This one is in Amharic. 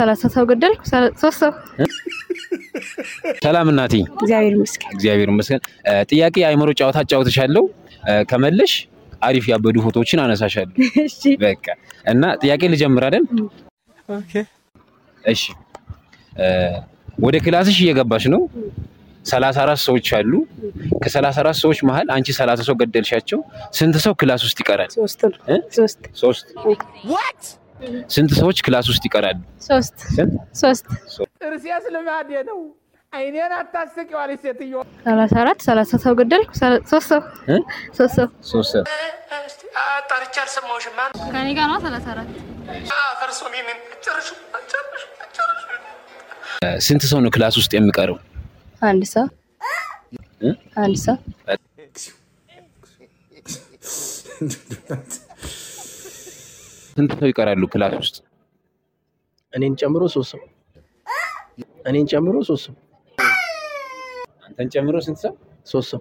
ሰላሳ ሰው ገደልኩ። ሶስት ሰው ሰላም እናቴ። እግዚአብሔር ይመስገን፣ እግዚአብሔር ይመስገን። ጥያቄ የአእምሮ ጨዋታ ጫውተሻለሁ። ከመለሽ አሪፍ ያበዱ ፎቶዎችን አነሳሻለሁ። እሺ በቃ እና ጥያቄ ልጀምር አይደል? ኦኬ እሺ። ወደ ክላስሽ እየገባሽ ነው። ሰላሳ አራት ሰዎች አሉ። ከሰላሳ አራት ሰዎች መሀል አንቺ ሰላሳ ሰው ገደልሻቸው። ስንት ሰው ክላስ ውስጥ ይቀራል? ሶስት ሶስት ስንት ሰዎች ክላስ ውስጥ ይቀራሉ? ሶስት ሶስት እርሴስ ልማዴ ነው። አይኔን አታስቂው አለች ሰላሳ አራት ሰላሳ ሰው ገደልኩ። ሶስት ሰው ሶስት ሰው ሶስት ሰው ጠርቼ አልሰማሁሽም። ከእኔ ጋር ሰላሳ አራት ስንት ሰው ነው ክላስ ውስጥ የሚቀረው? አንድ ሰው አንድ ሰው ስንት ሰው ይቀራሉ ክላስ ውስጥ? እኔን ጨምሮ ሶስት ሰው። እኔን ጨምሮ ሶስት ሰው። አንተን ጨምሮ ስንት ሰው? ሶስት ሰው።